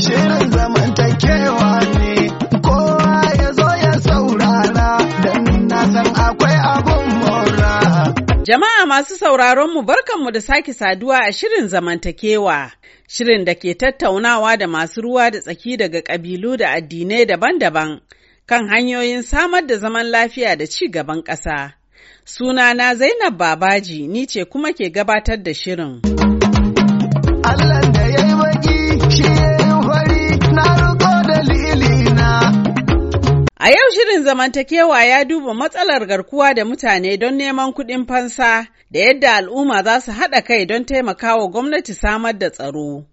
Shirin zamantakewa ne kowa ya ya saurara don na san akwai abun mora. Jama'a masu sauraron mu barkanmu da sake saduwa a shirin zamantakewa. Shirin da ke tattaunawa da masu ruwa da tsaki daga ƙabilu da addinai daban-daban kan hanyoyin samar da zaman lafiya da ci gaban ƙasa. Sunana Zainab Babaji ni ce kuma ke gabatar da shirin. A yau shirin zamantakewa ya duba matsalar garkuwa da mutane don neman kuɗin fansa da yadda al'umma za su haɗa kai don taimakawa gwamnati samar da tsaro.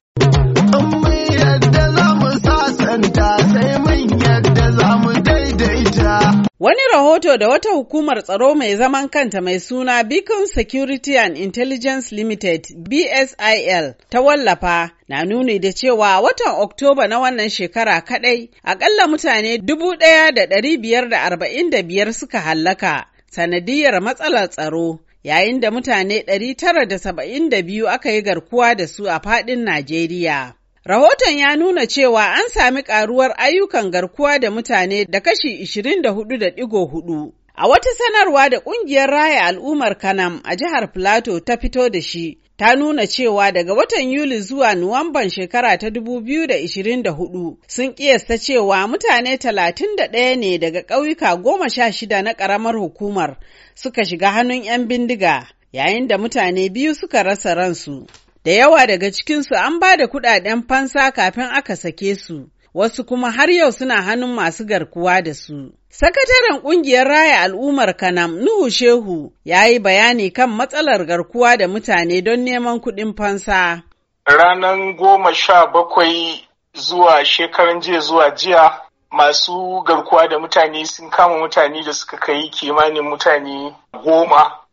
rahoto da wata hukumar tsaro mai zaman kanta mai suna Beacon Security and Intelligence Limited BSIL ta wallafa na nuni da cewa watan Oktoba na wannan shekara kadai akalla mutane 1,545 suka hallaka sanadiyar matsalar tsaro yayin da mutane 972 aka yi garkuwa da su a fadin Najeriya. Rahoton ya nuna cewa an sami karuwar ayyukan garkuwa da mutane da kashi 24.4. A wata sanarwa da kungiyar raya al'ummar Kanam a jihar Filato ta fito da shi, ta nuna cewa daga watan Yuli zuwa Nuwamban shekara ta 2024 sun kiyasta cewa mutane 31 ne daga ƙauyuka 16 na ƙaramar hukumar suka shiga hannun 'yan bindiga, yayin da mutane biyu suka rasa ransu. Da yawa daga cikinsu an ba da kuɗaɗen fansa kafin aka sake su, wasu kuma har yau suna hannun masu garkuwa da su. Sakataren ƙungiyar raya al'ummar Kanam Nuhu Shehu ya yi bayani kan matsalar garkuwa da mutane don neman kuɗin fansa. Ranar goma sha bakwai zuwa shekaran jiya zuwa jiya masu garkuwa da mutane sun kama mutane da suka kai kimanin mutane goma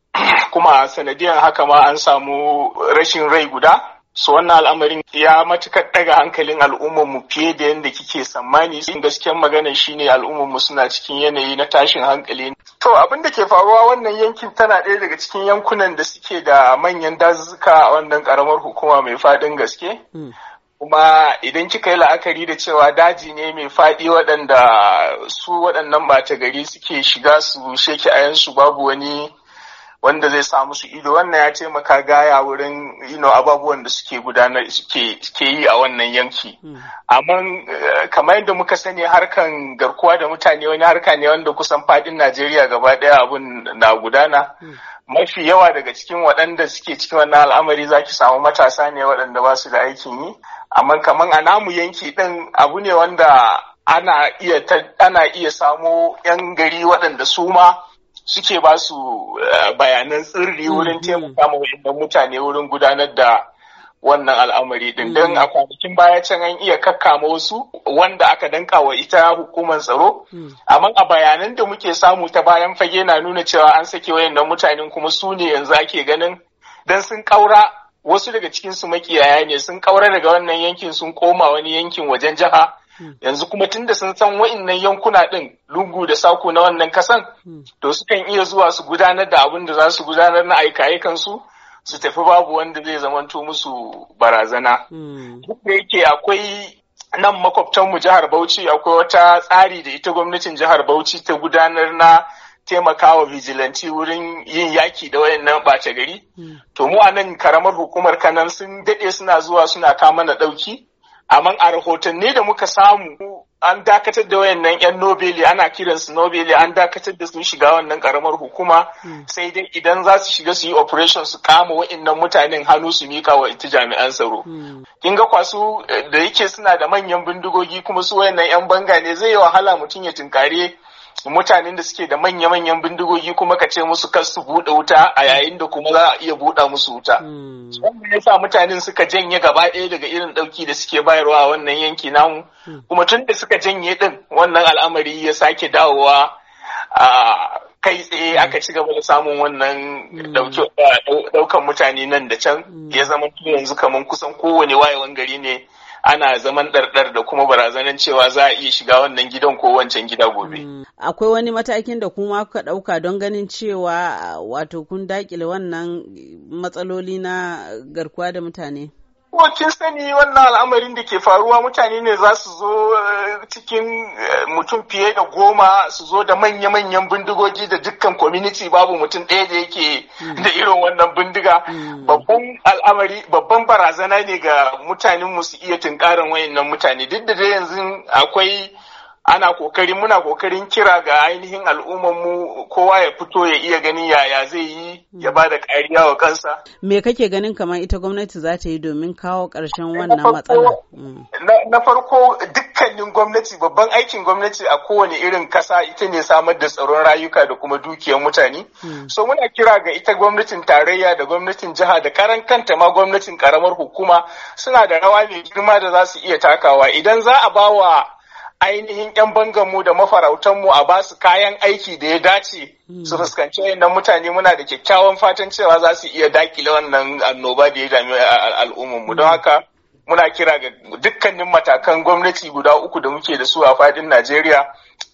kuma sanadiyar haka ma an samu rashin rai guda su wannan al'amarin ya matukar daga hankalin mu fiye da yadda kike tsammani gasken magana shine al'ummarmu suna cikin yanayi na tashin hankali to abin da ke faruwa wannan yankin tana ɗaya daga cikin yankunan da suke da manyan dazuzzuka a wannan karamar hukuma mai faɗin gaske hmm. kuma idan kika yi la'akari da cewa daji ne mai faɗi waɗanda su waɗannan bata gari suke shiga su sheki ayansu babu wani wanda zai sa musu ido wannan ya taimaka gaya wurin know, ababuwan da suke gudanar suke yi a wannan yanki hmm. amma eh, kamar yadda muka sani harkan garkuwa da mutane wani harka ne wanda kusan fadin najeriya gaba daya abun na gudana hmm. mafi yawa daga cikin waɗanda suke cikin wannan al'amari za ki samu matasa ne waɗanda ba su da aikin yi amma kamar a namu yanki ɗin abu ne wanda ana iya samo 'yan gari waɗanda su ma suke ba su eh, bayanan tsirri mm-hmm. wurin taimaka ma wajen mutane wurin gudanar da wannan al'amari din mm-hmm. don a kwanakin baya can an iya kakkama wasu wanda aka danka wa ita hukumar tsaro mm. amma a bayanan da muke samu ta bayan fage na nuna cewa an sake wayannan mutanen kuma su ne yanzu ake ganin Dan sun kaura wasu daga cikin su makiyaya ne sun kaura daga wannan yankin sun koma wani yankin wajen jiha yanzu kuma tunda sun san wa'innan yankuna ɗin lungu da Saku na wannan kasan to sukan iya zuwa su gudanar da abin da za su gudanar na aika su su tafi babu wanda zai zamanto musu barazana duk da yake akwai nan makwabtanmu jihar Bauchi akwai wata tsari da ita gwamnatin jihar Bauchi ta gudanar na taimakawa vigilanti wurin yin yaki da wayannan bace gari. To mu a nan karamar hukumar kanan sun daɗe suna zuwa suna kama na ɗauki amma a rahotanni da muka samu an dakatar da wayannan 'yan nobeli ana kiransu nobeli an dakatar da sun shiga wannan karamar hukuma hmm. sai dai idan za su shiga su yi operation su kama wayannan mutanen hannu su mika wa ita jami'an tsaro hmm. kin ga kwasu eh, da yake suna da manyan bindigogi kuma su wayannan 'yan banga ne zai yi wahala mutum ya tinkare. mutanen da suke da manya-manyan bindigogi kuma ka ce musu kar su buɗe wuta a yayin da kuma za a iya buɗa musu wuta. Hmm. Wanda ya sa mutanen suka janye gaba ɗaya daga irin ɗauki da suke bayarwa a wannan yanki namu. Hmm. Kuma tun da suka janye ɗin wannan al'amari ya sake dawowa a kai tsaye hmm. aka ci gaba da samun wannan ɗaukan mutane nan da can ya zama yanzu kamar kusan kowane wayewan gari ne. ana zaman ɗarɗar da kuma barazanar cewa za a iya shiga wannan gidan ko wancan gida gobe. Mm. Akwai wani matakin da kuma kuka ɗauka don ganin cewa wato kun daƙile wannan matsaloli na garkuwa da mutane? ko kin sani wannan al'amarin da ke faruwa mutane ne za su zo eh, cikin eh, mutum fiye da goma su zo da manya-manyan bindigogi da dukkan community babu mutum ɗaya da yake da irin wannan bindiga hmm. babban al'amari babban barazana ne ga mutanen su iya tunkarin wayannan mutane duk da yanzu akwai ana kokari muna kokarin kira ga ainihin mu kowa ya fito ya iya gani yaya zai yi ya hmm. ba da kariya wa kansa. Me kake ganin kamar ita gwamnati za ta yi domin kawo ƙarshen wannan matsala? Hmm. Na farko dukkanin gwamnati babban aikin gwamnati a kowane irin kasa ita ne samar da tsaron rayuka da kuma dukiyar mutane. Hmm. So muna kira ga ita gwamnatin tarayya da gwamnatin jiha da karan kanta ma gwamnatin karamar hukuma suna da rawa mai girma da za su iya takawa idan za a bawa ainihin 'yan banganmu da mafarautanmu a ba su kayan aiki da ya dace hmm. su fuskanci wayannan mutane muna da kyakkyawan fatan cewa za su iya dakile wannan annoba da ya dami al'ummanmu don hmm. haka muna kira ga dukkanin matakan gwamnati guda uku da muke da su a fadin Najeriya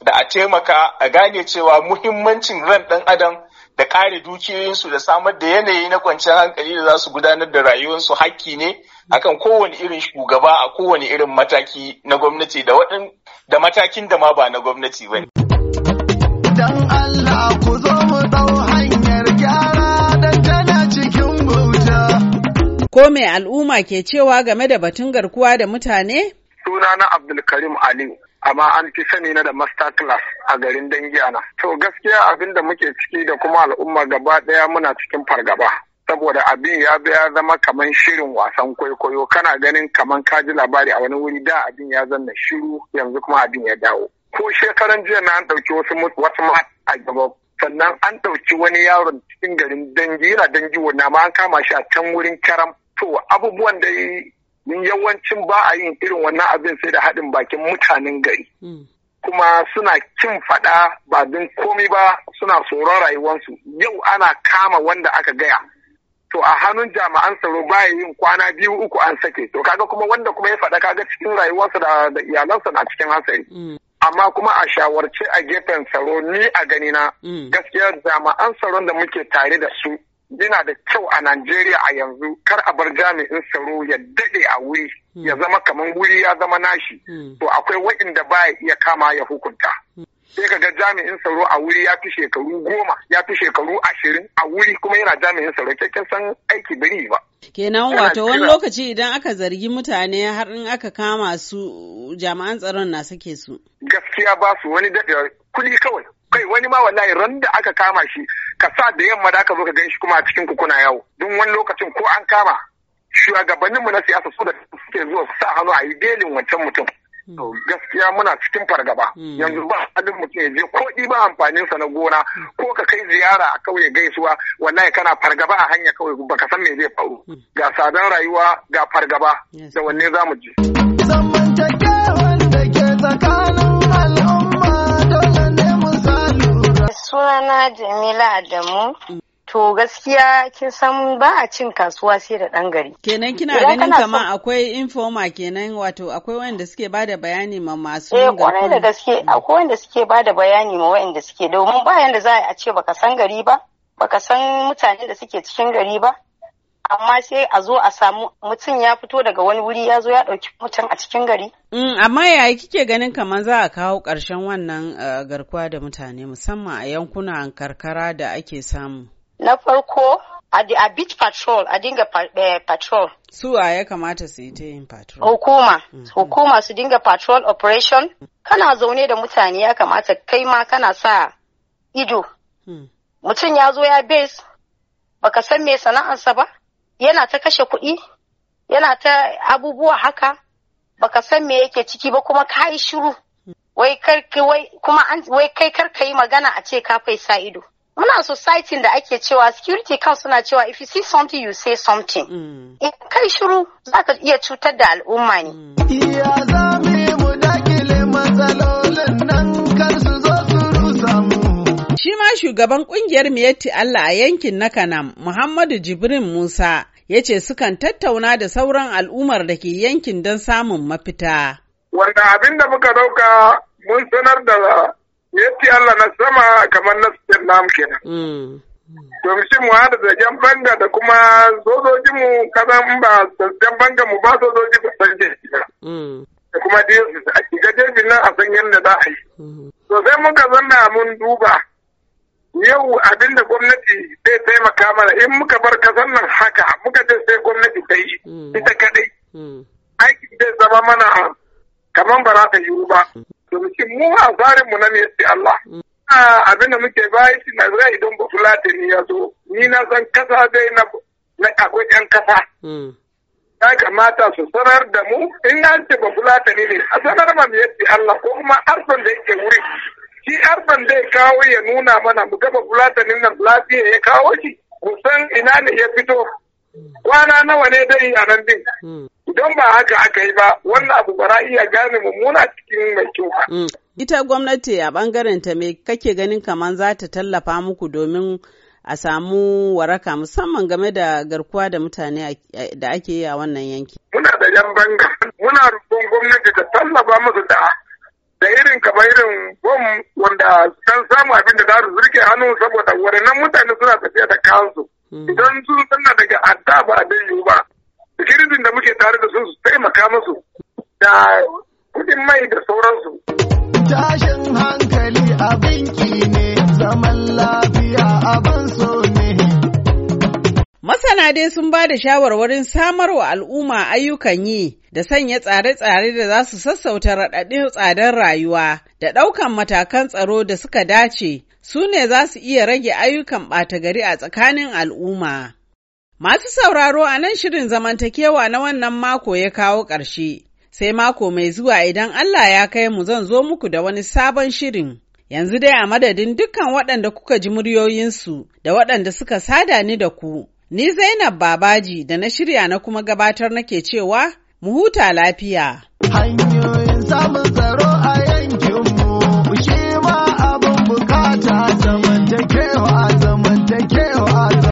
da a taimaka a gane cewa muhimmancin ran ɗan adam da kare dukiyoyinsu da samar da yanayi na kwanciyar hankali da za su gudanar da rayuwarsu hakki ne akan kowane irin shugaba a kowane irin mataki na gwamnati da waɗin da matakin da ma ba na gwamnati ba ne. Dan Allah da tana cikin bauta. Ko mai al'umma ke cewa game da batun garkuwa da mutane? Sunana Abdulkarim Ali. amma an fi sani na da master class a garin dangi ana to gaskiya abin da muke ciki da kuma al'umma gaba ɗaya muna cikin fargaba saboda abin ya ya zama kaman shirin wasan kwaikwayo kana ganin kaman ka ji labari a wani wuri da abin ya zanna shiru yanzu kuma abin ya dawo ko shekaran jiya na an ɗauki wasu wasu a gaba sannan an ɗauki wani yaron cikin garin dangi yana dangi wani amma an kama shi a can wurin karam to abubuwan da yawancin ba a yin irin wannan abin sai da haɗin bakin mutanen gari hmm. kuma suna kin faɗa ba don komi ba suna tsoron rayuwarsu yau ana kama wanda aka gaya to a hannun jami'an tsaro baya yin kwana biyu uku an sake to kaga kuma wanda kuma ya faɗa kaga cikin rayuwarsa da iyalansa na cikin hatsari hmm. amma kuma a shawarci a gefen tsaro ni a ganina hmm. gaskiya jami'an tsaron da muke tare da su yana da kyau a Najeriya a yanzu kar a bar jami'in tsaro ya daɗe a wuri hmm. ya zama kamar wuri ya zama nashi hmm. to akwai waɗanda baya iya kama ya hukunta hmm. sai ka ga jami'in tsaro a wuri ya fi shekaru goma ya fi shekaru ashirin a wuri kuma yana jami'in tsaro kyakkyan san aiki biri ba. kenan wato wani lokaci idan aka zargi mutane har in aka kama su jami'an tsaron na sake su. gaskiya ba su wani daɗe kuli kawai kai wani ma wallahi ran da aka kama shi ka sa da yamma da aka zo ka gan shi kuma a cikin kukuna yawo don wani lokacin ko an kama shugabannin mu na siyasa su da suke zuwa su sa hannu a yi belin wancan mutum hmm. gaskiya muna cikin fargaba hmm. yanzu ba halin mutum ya je ko ɗi ba amfanin sa na gona ko ka kai ziyara a kauye gaisuwa wallahi kana fargaba a hanya kawai baka san me zai faru hmm. ga sadan rayuwa ga fargaba da wanne zamu je Sunana Jamila Adamu. To gaskiya kin san ba a cin kasuwa sai da ɗan gari. Kenan kina ganin kama akwai informa kenan wato akwai wanda suke ba da bayani ma masu Eh kwarai da gaske akwai wanda suke ba da bayani ma wanda suke domin ba yanda za a ce baka san gari ba baka san mutanen da suke cikin gari ba amma sai a zo a samu mutum ya fito daga wani wuri ya zo ya ɗauki mutum a cikin gari. Mm, amma yaya kike ganin kamar za a kawo ƙarshen wannan eh, garkuwa da mutane musamman a yankunan karkara da ake samu? Na farko a beach patrol a dinga eh, patrol. Su a ya kamata su yi ta yin patrol. Hukuma, mm, mm. hukuma su dinga patrol operation. Kana zaune da mutane ya kamata kai ma kana sa ido. Mutum ya zo ya base baka san me sana'arsa ba yana ta kashe kuɗi yana ta abubuwa haka baka san me yake ciki ba kuma ka yi shiru wai kuma an kai kar ka yi magana a ce ka sa ido muna society da ake cewa security kan suna cewa if you see something you say something mm. in kai shiru zaka iya cutar da al'umma ne mm. shugaban kungiyar Miyatti Allah a yankin na Kanam, Muhammadu Jibrin Musa, ya ce sukan tattauna da sauran al'ummar da ke yankin don samun mafita. Wanda abin da muka dauka mun sanar da Miyatti Allah na sama kamar na Vietnam kenan. Mm. Domin shi mu hada da jan banga da kuma sojoji mu kazan ba jan banga mu ba sojoji ba san mm. Da kuma DSS a shiga jirgin nan a san yadda za a yi. Sosai mm. muka zanna mun duba yau abin da gwamnati zai taimaka mana in muka bar kasan nan haka muka ce sai gwamnati ta yi hmm. ita kadai hmm. aikin zai zama mana kamar ba za ta yiwu ba domin mu a mu na ne Allah hmm. abin da muke bayi shi na zai idan ba fulatani ya zo ni na san kasa dai na akwai yan kasa ya kamata su sanar da mu in an ce ba fulatani ne a sanar ma me Allah ko kuma arson da yake wuri shi arban zai kawo ya nuna mana mu gaba bulatanin nan lafiya ya kawo shi Kusan ina ne ya fito kwana nawa ne dai a nan din idan hmm. ba haka aka yi ba wannan abu ba iya gane mummuna cikin mai kyau ba. Hmm. ita gwamnati a bangaren ta me kake ganin kaman za ta tallafa muku domin a samu waraka musamman game da garkuwa da mutane da ake yi a wannan yanki. Muna da yan banga, muna rubon gwamnati ta tallafa musu da da irin kaba irin bom wanda san samu abin da za su rike hannu saboda wadannan mutane suna tafiya da kansu hmm. idan sun sanna daga adda ba da yiwu ba sikirin da muke tare da su su taimaka musu da kuɗin mai da sauransu. Tashin hankali abin ne zaman lafiya abin so Masana dai sun ba da shawarwarin samar wa al'umma ayyukan yi da sanya tsare-tsare da za su sassauta raɗaɗin tsadar rayuwa da ɗaukan matakan tsaro da suka dace su ne za su iya rage ayyukan ɓata gari a tsakanin al'umma. Masu sauraro a nan shirin zamantakewa na wannan mako ya kawo ƙarshe, sai mako mai zuwa idan Allah ya kai mu zan zo muku da wani sabon shirin. Yanzu dai a madadin dukkan waɗanda kuka ji muryoyinsu da waɗanda suka sada ni da ku. Ni Zainab Babaji da na shirya na kuma gabatar nake cewa mu huta lafiya. Hanyoyin samun